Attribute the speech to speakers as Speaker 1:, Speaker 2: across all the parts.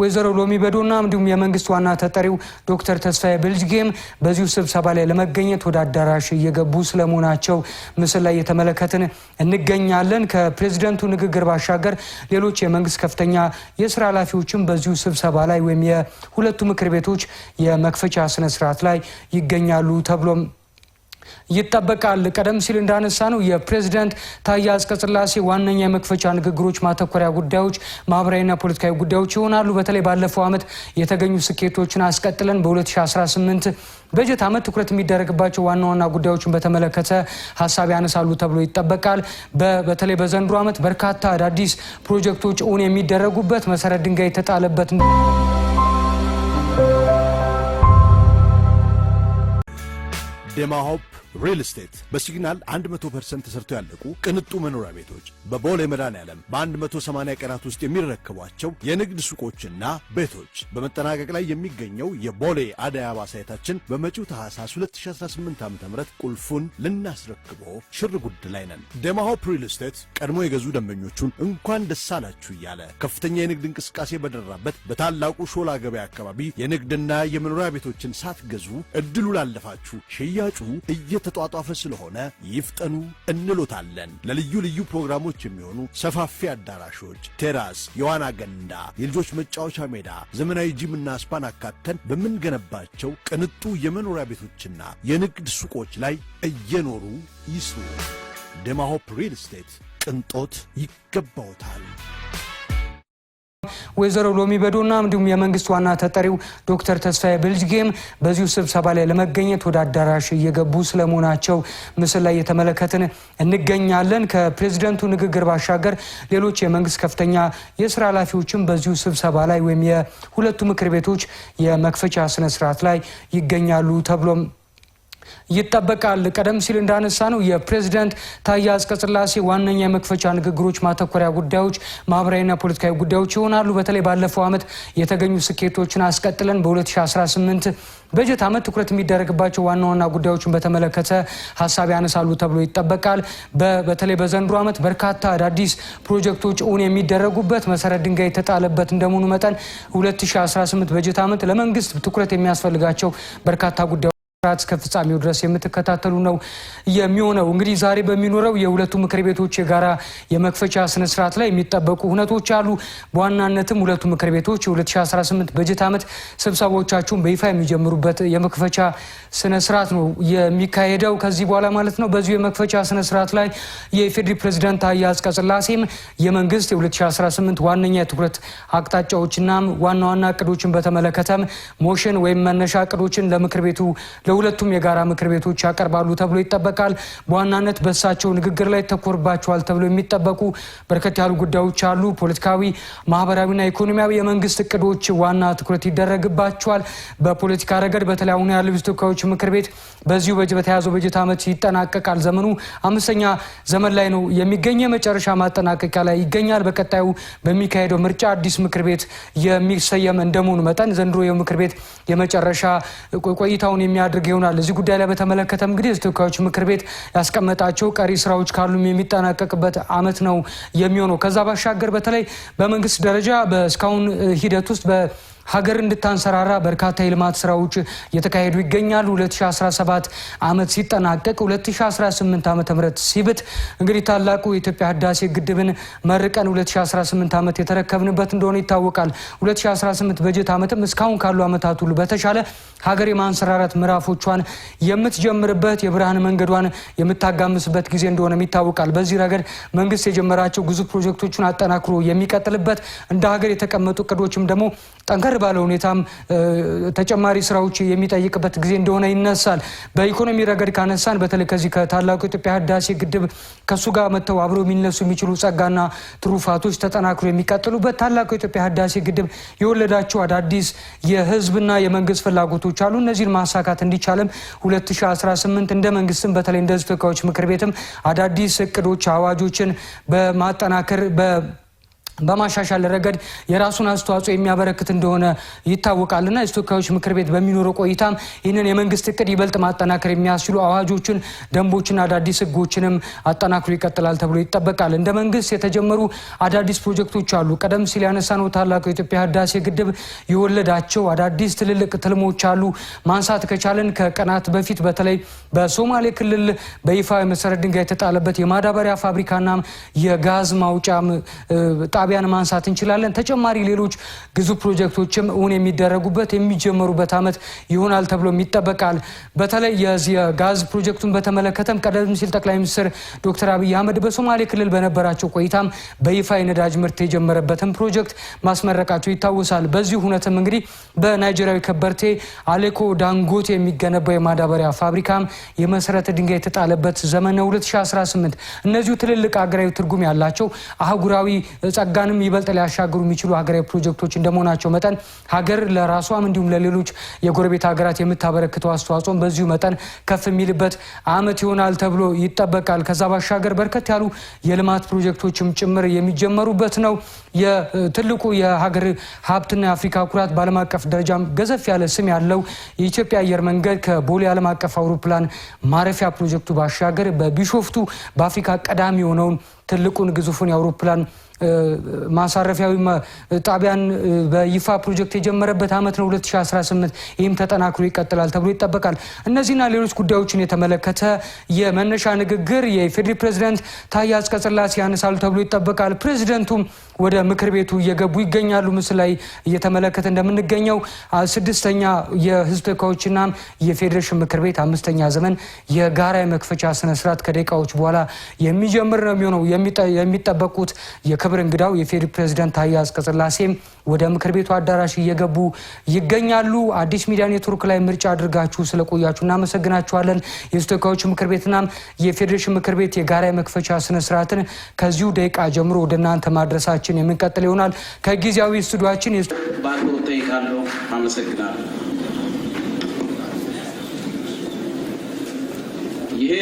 Speaker 1: ወይዘሮ ሎሚ በዶና እንዲሁም የመንግስት ዋና ተጠሪው ዶክተር ተስፋዬ ብልጅጌም በዚሁ ስብሰባ ላይ ለመገኘት ወደ አዳራሽ እየገቡ ስለመሆናቸው ምስል ላይ የተመለከትን እንገኛለን። ከፕሬዚደንቱ ንግግር ባሻገር ሌሎች የመንግስት ከፍተኛ የስራ ኃላፊዎችም በዚሁ ስብሰባ ላይ ወይም የሁለቱ ምክር ቤቶች የመክፈቻ ስነስርዓት ላይ ይገኛሉ ተብሎም ይጠበቃል። ቀደም ሲል እንዳነሳ ነው የፕሬዝዳንት ታዬ አጽቀሥላሴ ዋነኛ የመክፈቻ ንግግሮች ማተኮሪያ ጉዳዮች ማህበራዊና ፖለቲካዊ ጉዳዮች ይሆናሉ። በተለይ ባለፈው ዓመት የተገኙ ስኬቶችን አስቀጥለን በ2018 በጀት ዓመት ትኩረት የሚደረግባቸው ዋና ዋና ጉዳዮችን በተመለከተ ሀሳብ ያነሳሉ ተብሎ ይጠበቃል። በተለይ በዘንድሮ ዓመት በርካታ አዳዲስ ፕሮጀክቶች እውን የሚደረጉበት መሰረት ድንጋይ የተጣለበት
Speaker 2: ደማሆፕ ሪል ስቴት በሲግናል 100 ፐርሰንት ተሰርተው ያለቁ ቅንጡ መኖሪያ ቤቶች በቦሌ መድኃኔዓለም በ180 ቀናት ውስጥ የሚረከቧቸው የንግድ ሱቆችና ቤቶች በመጠናቀቅ ላይ የሚገኘው የቦሌ አደይ አበባ ሳይታችን በመጪው ታህሳስ 2018 ዓ ም ቁልፉን ልናስረክቦ ሽር ጉድ ላይ ነን። ደማሆፕ ሪል ስቴት ቀድሞ የገዙ ደንበኞቹን እንኳን ደስ አላችሁ እያለ ከፍተኛ የንግድ እንቅስቃሴ በደራበት በታላቁ ሾላ ገበያ አካባቢ የንግድና የመኖሪያ ቤቶችን ሳትገዙ እድሉ ላለፋችሁ ሽያጩ እየ እየተጧጧፈ ስለሆነ ይፍጠኑ እንሎታለን። ለልዩ ልዩ ፕሮግራሞች የሚሆኑ ሰፋፊ አዳራሾች፣ ቴራስ፣ የዋና ገንዳ፣ የልጆች መጫወቻ ሜዳ፣ ዘመናዊ ጂምና ስፓን አካተን በምንገነባቸው ቅንጡ የመኖሪያ ቤቶችና የንግድ ሱቆች ላይ እየኖሩ ይስሩ። ደማሆፕ ሪል ስቴት ቅንጦት ይገባውታል።
Speaker 1: ወይዘሮ ሎሚ በዶና እንዲሁም የመንግስት ዋና ተጠሪው ዶክተር ተስፋዬ ብልጅጌም በዚሁ ስብሰባ ላይ ለመገኘት ወደ አዳራሽ እየገቡ ስለመሆናቸው ምስል ላይ የተመለከትን እንገኛለን። ከፕሬዚደንቱ ንግግር ባሻገር ሌሎች የመንግስት ከፍተኛ የስራ ኃላፊዎችም በዚሁ ስብሰባ ላይ ወይም የሁለቱ ምክር ቤቶች የመክፈቻ ስነስርዓት ላይ ይገኛሉ ተብሎም ይጠበቃል። ቀደም ሲል እንዳነሳ ነው የፕሬዝዳንት ታዬ አጽቀሥላሴ ዋነኛ የመክፈቻ ንግግሮች ማተኮሪያ ጉዳዮች ማህበራዊና ፖለቲካዊ ጉዳዮች ይሆናሉ። በተለይ ባለፈው ዓመት የተገኙ ስኬቶችን አስቀጥለን በ2018 በጀት ዓመት ትኩረት የሚደረግባቸው ዋና ዋና ጉዳዮችን በተመለከተ ሀሳብ ያነሳሉ ተብሎ ይጠበቃል። በተለይ በዘንድሮ ዓመት በርካታ አዳዲስ ፕሮጀክቶች እውን የሚደረጉበት መሰረት ድንጋይ የተጣለበት እንደመሆኑ መጠን 2018 በጀት ዓመት ለመንግስት ትኩረት የሚያስፈልጋቸው በርካታ ጉዳዮች ራት እስከ ፍጻሜው ድረስ የምትከታተሉ ነው የሚሆነው። እንግዲህ ዛሬ በሚኖረው የሁለቱ ምክር ቤቶች የጋራ የመክፈቻ ስነስርዓት ላይ የሚጠበቁ ሁነቶች አሉ። በዋናነትም ሁለቱ ምክር ቤቶች የ2018 በጀት ዓመት ስብሰባዎቻቸውን በይፋ የሚጀምሩበት የመክፈቻ ስነስርዓት ነው የሚካሄደው ከዚህ በኋላ ማለት ነው። በዚሁ የመክፈቻ ስነስርዓት ላይ የኢፌዴሪ ፕሬዚዳንት ታዬ አጽቀሥላሴም የመንግስት የ2018 ዋነኛ የትኩረት አቅጣጫዎችና ዋና ዋና እቅዶችን በተመለከተም ሞሽን ወይም መነሻ እቅዶችን ለምክር ቤቱ ለሁለቱም የጋራ ምክር ቤቶች ያቀርባሉ ተብሎ ይጠበቃል። በዋናነት በእሳቸው ንግግር ላይ ተኮርባቸዋል ተብሎ የሚጠበቁ በርከት ያሉ ጉዳዮች አሉ። ፖለቲካዊ፣ ማህበራዊና ኢኮኖሚያዊ የመንግስት እቅዶች ዋና ትኩረት ይደረግባቸዋል። በፖለቲካ ረገድ በተለይ አሁኑ ያለው ተወካዮች ምክር ቤት በዚሁ በተያዘው በጀት ዓመት ይጠናቀቃል። ዘመኑ አምስተኛ ዘመን ላይ ነው የሚገኝ የመጨረሻ ማጠናቀቂያ ላይ ይገኛል። በቀጣዩ በሚካሄደው ምርጫ አዲስ ምክር ቤት የሚሰየም እንደመሆኑ መጠን ዘንድሮ የምክር ቤት የመጨረሻ ቆይታውን የሚያደ የሚያደርግ ይሆናል። እዚህ ጉዳይ ላይ በተመለከተም እንግዲህ የሕዝብ ተወካዮች ምክር ቤት ያስቀመጣቸው ቀሪ ስራዎች ካሉም የሚጠናቀቅበት አመት ነው የሚሆነው። ከዛ ባሻገር በተለይ በመንግስት ደረጃ በእስካሁን ሂደት ውስጥ ሀገር እንድታንሰራራ በርካታ የልማት ስራዎች እየተካሄዱ ይገኛሉ። 2017 ዓመት ሲጠናቀቅ 2018 ዓመተ ምህረት ሲብት እንግዲህ ታላቁ የኢትዮጵያ ህዳሴ ግድብን መርቀን 2018 ዓመት የተረከብንበት እንደሆነ ይታወቃል። 2018 በጀት ዓመትም እስካሁን ካሉ ዓመታት ሁሉ በተሻለ ሀገር የማንሰራራት ምዕራፎቿን የምትጀምርበት የብርሃን መንገዷን የምታጋምስበት ጊዜ እንደሆነም ይታወቃል። በዚህ ረገድ መንግስት የጀመራቸው ግዙፍ ፕሮጀክቶችን አጠናክሮ የሚቀጥልበት እንደ ሀገር የተቀመጡ እቅዶችም ደግሞ ጠንከር ባለ ሁኔታም ተጨማሪ ስራዎች የሚጠይቅበት ጊዜ እንደሆነ ይነሳል። በኢኮኖሚ ረገድ ካነሳን በተለይ ከዚህ ከታላቁ ኢትዮጵያ ህዳሴ ግድብ ከሱ ጋር መጥተው አብረው የሚነሱ የሚችሉ ጸጋና ትሩፋቶች ተጠናክሮ የሚቀጥሉበት ታላቁ ኢትዮጵያ ህዳሴ ግድብ የወለዳቸው አዳዲስ የህዝብና የመንግስት ፍላጎቶች አሉ። እነዚህን ማሳካት እንዲቻለም 2018 እንደ መንግስትም በተለይ እንደ ህዝብ ተወካዮች ምክር ቤትም አዳዲስ እቅዶች፣ አዋጆችን በማጠናከር በ በማሻሻል ረገድ የራሱን አስተዋጽኦ የሚያበረክት እንደሆነ ይታወቃልና የተወካዮች ምክር ቤት በሚኖረው ቆይታም ይህንን የመንግስት እቅድ ይበልጥ ማጠናከር የሚያስችሉ አዋጆችን፣ ደንቦችና አዳዲስ ህጎችንም አጠናክሮ ይቀጥላል ተብሎ ይጠበቃል። እንደ መንግስት የተጀመሩ አዳዲስ ፕሮጀክቶች አሉ። ቀደም ሲል ያነሳነው ታላቁ የኢትዮጵያ ህዳሴ ግድብ የወለዳቸው አዳዲስ ትልልቅ ትልሞች አሉ። ማንሳት ከቻለን ከቀናት በፊት በተለይ በሶማሌ ክልል በይፋ የመሰረት ድንጋይ የተጣለበት የማዳበሪያ ፋብሪካና የጋዝ ማውጫ ጣቢያን ማንሳት እንችላለን። ተጨማሪ ሌሎች ግዙፍ ፕሮጀክቶችም እውን የሚደረጉበት የሚጀመሩበት ዓመት ይሆናል ተብሎም ይጠበቃል። በተለይ የዚህ የጋዝ ፕሮጀክቱን በተመለከተም ቀደም ሲል ጠቅላይ ሚኒስትር ዶክተር አብይ አህመድ በሶማሌ ክልል በነበራቸው ቆይታም በይፋ የነዳጅ ምርት የጀመረበትን ፕሮጀክት ማስመረቃቸው ይታወሳል። በዚህ ሁነትም እንግዲህ በናይጄሪያዊ ከበርቴ አሌኮ ዳንጎቴ የሚገነባው የማዳበሪያ ፋብሪካም የመሰረተ ድንጋይ የተጣለበት ዘመነ 2018 እነዚሁ ትልልቅ አገራዊ ትርጉም ያላቸው አህጉራዊ ጸጋ ዋጋንም ይበልጥ ሊያሻግሩ የሚችሉ ሀገራዊ ፕሮጀክቶች እንደመሆናቸው መጠን ሀገር ለራሷም እንዲሁም ለሌሎች የጎረቤት ሀገራት የምታበረክተው አስተዋጽኦም በዚሁ መጠን ከፍ የሚልበት አመት ይሆናል ተብሎ ይጠበቃል። ከዛ ባሻገር በርከት ያሉ የልማት ፕሮጀክቶችም ጭምር የሚጀመሩበት ነው። የትልቁ የሀገር ሀብትና የአፍሪካ ኩራት በዓለም አቀፍ ደረጃም ገዘፍ ያለ ስም ያለው የኢትዮጵያ አየር መንገድ ከቦሌ ዓለም አቀፍ አውሮፕላን ማረፊያ ፕሮጀክቱ ባሻገር በቢሾፍቱ በአፍሪካ ቀዳሚ የሆነውን ትልቁን ግዙፉን የአውሮፕላን ማሳረፊያዊ ጣቢያን በይፋ ፕሮጀክት የጀመረበት ዓመት ነው 2018። ይህም ተጠናክሮ ይቀጥላል ተብሎ ይጠበቃል። እነዚህና ሌሎች ጉዳዮችን የተመለከተ የመነሻ ንግግር የኢፌዴሪ ፕሬዚደንት ታዬ አጽቀሥላሴ ያነሳሉ ተብሎ ይጠበቃል። ፕሬዚደንቱም ወደ ምክር ቤቱ እየገቡ ይገኛሉ። ምስል ላይ እየተመለከተ እንደምንገኘው ስድስተኛ የህዝብ ተወካዮችና የፌዴሬሽን ምክር ቤት አምስተኛ ዘመን የጋራ የመክፈቻ ስነስርዓት ከደቂቃዎች በኋላ የሚጀምር ነው የሚሆነው የሚጠበቁት የክብር እንግዳው የኢፌዴሪ ፕሬዚደንት ታዬ አጽቀሥላሴም ወደ ምክር ቤቱ አዳራሽ እየገቡ ይገኛሉ። አዲስ ሚዲያ ኔትወርክ ላይ ምርጫ አድርጋችሁ ስለቆያችሁ እናመሰግናችኋለን። የሕዝብ ምክር ቤትና የፌዴሬሽን ምክር ቤት የጋራ የመክፈቻ ስነስርዓትን ከዚሁ ደቂቃ ጀምሮ ወደ እናንተ ማድረሳችን የምንቀጥል ይሆናል። ከጊዜያዊ ስቱዲዮችን ጠይቃለሁ። አመሰግናለሁ።
Speaker 3: ይሄ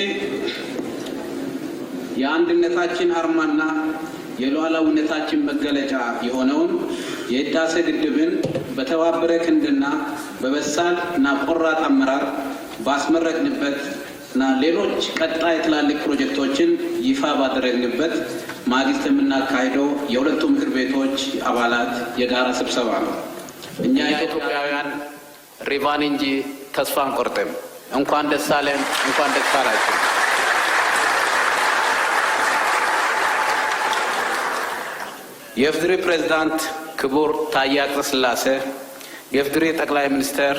Speaker 3: የአንድነታችን አርማና የሉዓላዊነታችን መገለጫ የሆነውን የህዳሴ ግድብን በተባበረ ክንድና በበሳል እና ቆራጥ አመራር ባስመረቅንበት እና ሌሎች ቀጣይ ትላልቅ ፕሮጀክቶችን ይፋ ባደረግንበት ማግስት የምናካሄደው የሁለቱ ምክር ቤቶች አባላት የጋራ ስብሰባ ነው። እኛ ኢትዮጵያውያን ሪቫን እንጂ ተስፋ አንቆርጥም። እንኳን ደስ አለን፣ እንኳን ደስ አላችሁ። የፍድሬ ፕሬዝዳንት ክቡር ታዬ አጽቀሥላሴ፣ የፍድሬ ጠቅላይ ሚኒስትር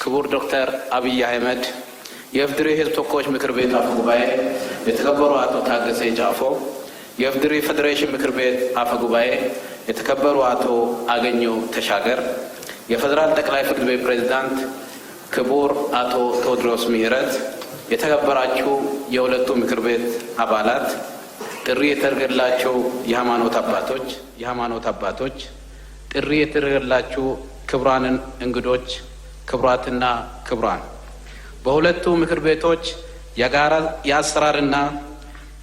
Speaker 3: ክቡር ዶክተር አብይ አህመድ፣ የፍድሬ ህዝብ ተወካዮች ምክር ቤት አፈ ጉባኤ የተከበሩ አቶ ታገሰ ጫፎ፣ የፍድሬ ፌዴሬሽን ምክር ቤት አፈ ጉባኤ የተከበሩ አቶ አገኘው ተሻገር፣ የፌዴራል ጠቅላይ ፍርድ ቤት ፕሬዝዳንት ክቡር አቶ ቴዎድሮስ ምህረት፣ የተከበራችሁ የሁለቱ ምክር ቤት አባላት፣ ጥሪ የተደረገላቸው የሃይማኖት አባቶች የሃይማኖት አባቶች፣ ጥሪ የተደረገላችሁ ክቡራን እንግዶች፣ ክቡራትና ክቡራን በሁለቱ ምክር ቤቶች የጋራ የአሰራርና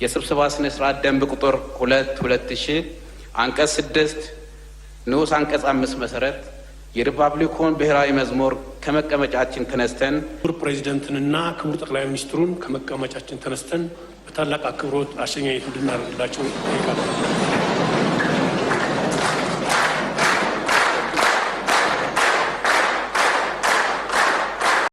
Speaker 3: የስብሰባ ስነ ስርዓት ደንብ ቁጥር ሁለት ሁለት ሺ አንቀጽ ስድስት ንዑስ አንቀጽ አምስት መሰረት የሪፐብሊኮን ብሔራዊ መዝሙር ከመቀመጫችን ተነስተን ክቡር ፕሬዚደንትንና ክቡር ጠቅላይ ሚኒስትሩን ከመቀመጫችን ተነስተን በታላቅ አክብሮት አሸኛየት እንድናደርግላቸው ይቃል